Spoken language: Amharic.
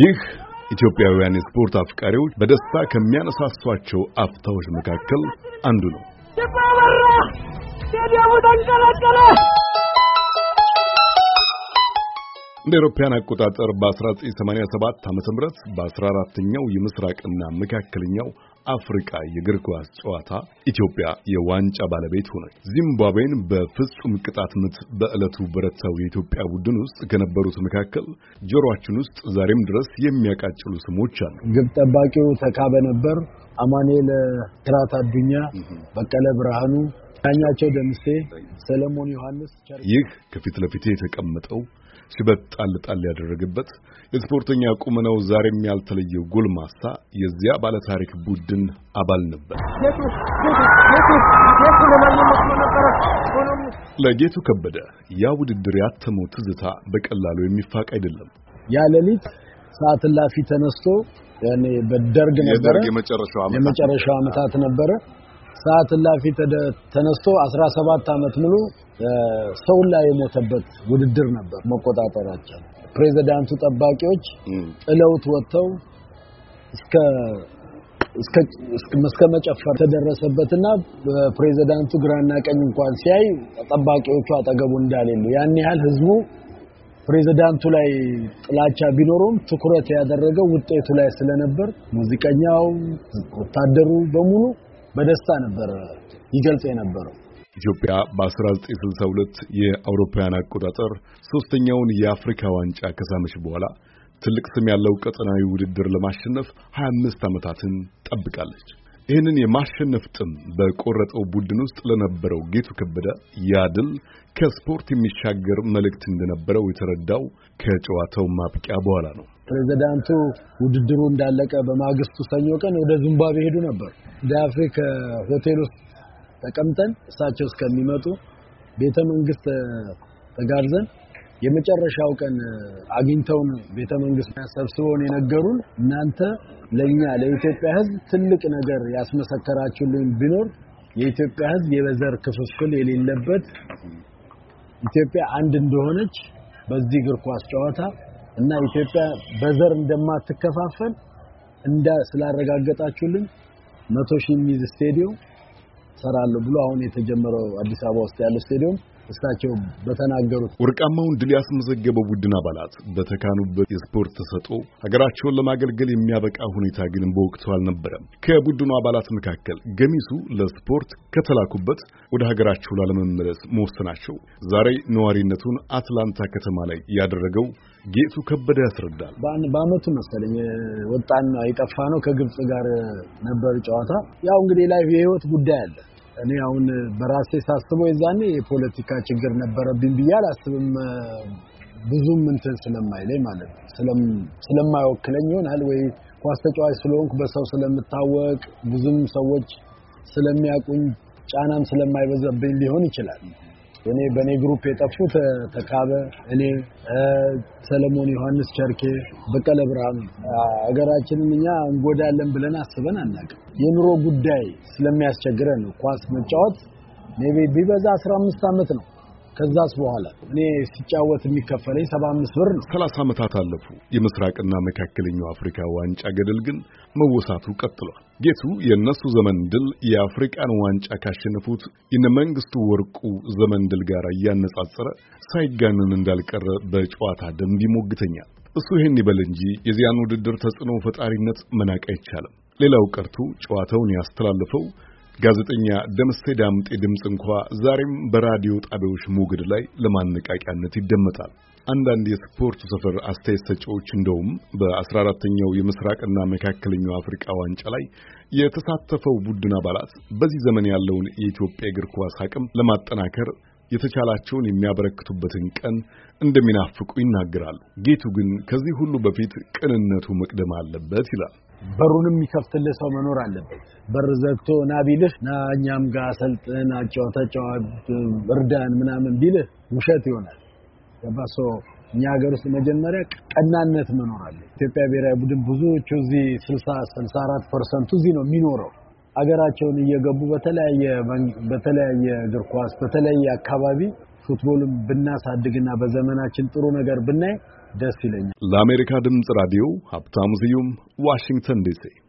ይህ ኢትዮጵያውያን የስፖርት አፍቃሪዎች በደስታ ከሚያነሳሷቸው አፍታዎች መካከል አንዱ ነው። እንደ አውሮፓውያን አቆጣጠር በ1987 ዓ.ም በ14ኛው የምስራቅና መካከለኛው አፍሪካ የእግር ኳስ ጨዋታ ኢትዮጵያ የዋንጫ ባለቤት ሆነች። ዚምባብዌን በፍጹም ቅጣት ምት በዕለቱ በረታው የኢትዮጵያ ቡድን ውስጥ ከነበሩት መካከል ጆሮአችን ውስጥ ዛሬም ድረስ የሚያቃጭሉ ስሞች አሉ። ግብ ጠባቂው ተካበ ነበር፣ አማኔ ስራት፣ አዱኛ በቀለ፣ ብርሃኑ ዳኛቸው፣ ደምሴ፣ ሰለሞን ዮሐንስ። ይህ ከፊት ለፊቴ የተቀመጠው ሽበት ጣል ጣል ያደረገበት የስፖርተኛ ቁመናው ዛሬም ያልተለየው ጎልማሳ የዚያ ባለታሪክ ቡድን አባል ነበር። ለጌቱ ከበደ ያ ውድድር ያተመው ትዝታ በቀላሉ የሚፋቅ አይደለም። ያ ሌሊት ሰዓት ላፊ ተነስቶ ያኔ በደርግ ነበረ የመጨረሻው ዓመታት ነበረ። ሰዓት ላፊ ተነስቶ 17 ዓመት ሙሉ ሰውን ላይ የሞተበት ውድድር ነበር። መቆጣጠራቸው ፕሬዚዳንቱ ጠባቂዎች ጥለውት ወጥተው እስከ እስከ መጨፈር ተደረሰበትና በፕሬዝዳንቱ ግራና ቀኝ እንኳን ሲያይ ጠባቂዎቹ አጠገቡ እንዳሌሉ ያን ያህል ህዝቡ ፕሬዝዳንቱ ላይ ጥላቻ ቢኖረውም ትኩረት ያደረገው ውጤቱ ላይ ስለነበር ሙዚቀኛው፣ ወታደሩ በሙሉ በደስታ ነበር ይገልጽ የነበረው። ኢትዮጵያ በ1962 የአውሮፓውያን አቆጣጠር ሶስተኛውን የአፍሪካ ዋንጫ ከሳመች በኋላ ትልቅ ስም ያለው ቀጠናዊ ውድድር ለማሸነፍ 25 ዓመታትን ጠብቃለች። ይህንን የማሸነፍ ጥም በቆረጠው ቡድን ውስጥ ለነበረው ጌቱ ከበደ ያ ድል ከስፖርት የሚሻገር መልእክት እንደነበረው የተረዳው ከጨዋታው ማብቂያ በኋላ ነው። ፕሬዚዳንቱ ውድድሩ እንዳለቀ በማግስቱ ሰኞ ቀን ወደ ዚምባብዌ ሄዱ ነበር። ዳፍሪክ ሆቴል ውስጥ ተቀምጠን እሳቸው እስከሚመጡ ቤተ መንግስት ተጋርዘን የመጨረሻው ቀን አግኝተውን ቤተ መንግስት ሰብስበውን የነገሩን እናንተ ለኛ ለኢትዮጵያ ሕዝብ ትልቅ ነገር ያስመሰከራችሁልን ቢኖር የኢትዮጵያ ሕዝብ የበዘር ክፍፍል የሌለበት ኢትዮጵያ አንድ እንደሆነች በዚህ እግር ኳስ ጨዋታ እና ኢትዮጵያ በዘር እንደማትከፋፈል እንዳ ስላረጋገጣችሁልን መቶ ሺህ የሚይዝ ስቴዲየም ሰራለሁ ብሎ አሁን የተጀመረው አዲስ አበባ ውስጥ ያለው ስቴዲየም እሳቸው በተናገሩት ወርቃማውን ድል ያስመዘገበው ቡድን አባላት በተካኑበት የስፖርት ተሰጦ ሀገራቸውን ለማገልገል የሚያበቃ ሁኔታ ግን በወቅቱ አልነበረም። ከቡድኑ አባላት መካከል ገሚሱ ለስፖርት ከተላኩበት ወደ ሀገራቸው ላለመመለስ መወሰናቸው ዛሬ ነዋሪነቱን አትላንታ ከተማ ላይ ያደረገው ጌቱ ከበደ ያስረዳል። በአመቱ መሰለኝ ወጣና የጠፋ ነው። ከግብጽ ጋር ነበር ጨዋታ። ያው እንግዲህ ላይ የህይወት ጉዳይ አለ እኔ አሁን በራሴ ሳስበው የዛኔ የፖለቲካ ችግር ነበረብኝ ብዬ አላስብም። ብዙም እንትን ስለማይለኝ ማለት ነው ስለማይወክለኝ ይሆናል ወይ ኳስ ተጫዋች ስለሆንኩ በሰው ስለምታወቅ ብዙም ሰዎች ስለሚያቁኝ ጫናም ስለማይበዛብኝ ሊሆን ይችላል። እኔ በእኔ ግሩፕ የጠፉት ተካበ፣ እኔ፣ ሰለሞን ዮሐንስ፣ ቸርኬ፣ በቀለ ብርሃኑ። ሀገራችንን እኛ እንጎዳለን ብለን አስበን አናውቅም። የኑሮ ጉዳይ ስለሚያስቸግረን ኳስ መጫወት ሜይ ቢበዛ 15 ዓመት ነው ከዛስ በኋላ እኔ ሲጫወት የሚከፈለኝ 75 ብር ነው። 30 ዓመታት አለፉ። የምስራቅና መካከለኛው አፍሪካ ዋንጫ ገደል ግን መወሳቱ ቀጥሏል። ጌቱ የእነሱ ዘመን ድል የአፍሪካን ዋንጫ ካሸነፉት የነ መንግስቱ ወርቁ ዘመን ድል ጋር እያነጻጸረ ሳይጋንን እንዳልቀረ በጨዋታ ደንብ ይሞግተኛል። እሱ ይህን ይበል እንጂ የዚያን ውድድር ተጽዕኖ ፈጣሪነት መናቅ አይቻልም። ሌላው ቀርቶ ጨዋታውን ያስተላልፈው ጋዜጠኛ ደምሴ ዳምጤ ድምፅ እንኳ ዛሬም በራዲዮ ጣቢያዎች ሞገድ ላይ ለማነቃቂያነት ይደመጣል። አንዳንድ የስፖርት ሰፈር አስተያየት ሰጪዎች እንደውም በ14ተኛው የምስራቅና መካከለኛው አፍሪካ ዋንጫ ላይ የተሳተፈው ቡድን አባላት በዚህ ዘመን ያለውን የኢትዮጵያ እግር ኳስ አቅም ለማጠናከር የተቻላቸውን የሚያበረክቱበትን ቀን እንደሚናፍቁ ይናገራሉ። ጌቱ ግን ከዚህ ሁሉ በፊት ቅንነቱ መቅደም አለበት ይላል። በሩንም የሚከፍትልህ ሰው መኖር አለበት። በር ዘግቶ ና ቢልህ ና እኛም ጋር አሰልጥን፣ አጫው ተጫዋት፣ እርዳን ምናምን ቢልህ ውሸት ይሆናል። ገባህ? እኛ ሀገር ውስጥ መጀመሪያ ቀናነት መኖር አለ። ኢትዮጵያ ብሔራዊ ቡድን ብዙዎቹ እዚህ 60 64 ፐርሰንቱ እዚህ ነው የሚኖረው። አገራቸውን እየገቡ በተለያየ በተለያየ እግር ኳስ በተለያየ አካባቢ ፉትቦልን ብናሳድግና በዘመናችን ጥሩ ነገር ብናይ ደስ ይለኛል። ለአሜሪካ ድምፅ ራዲዮ ሀብታሙ ስዩም ዋሽንግተን ዲሲ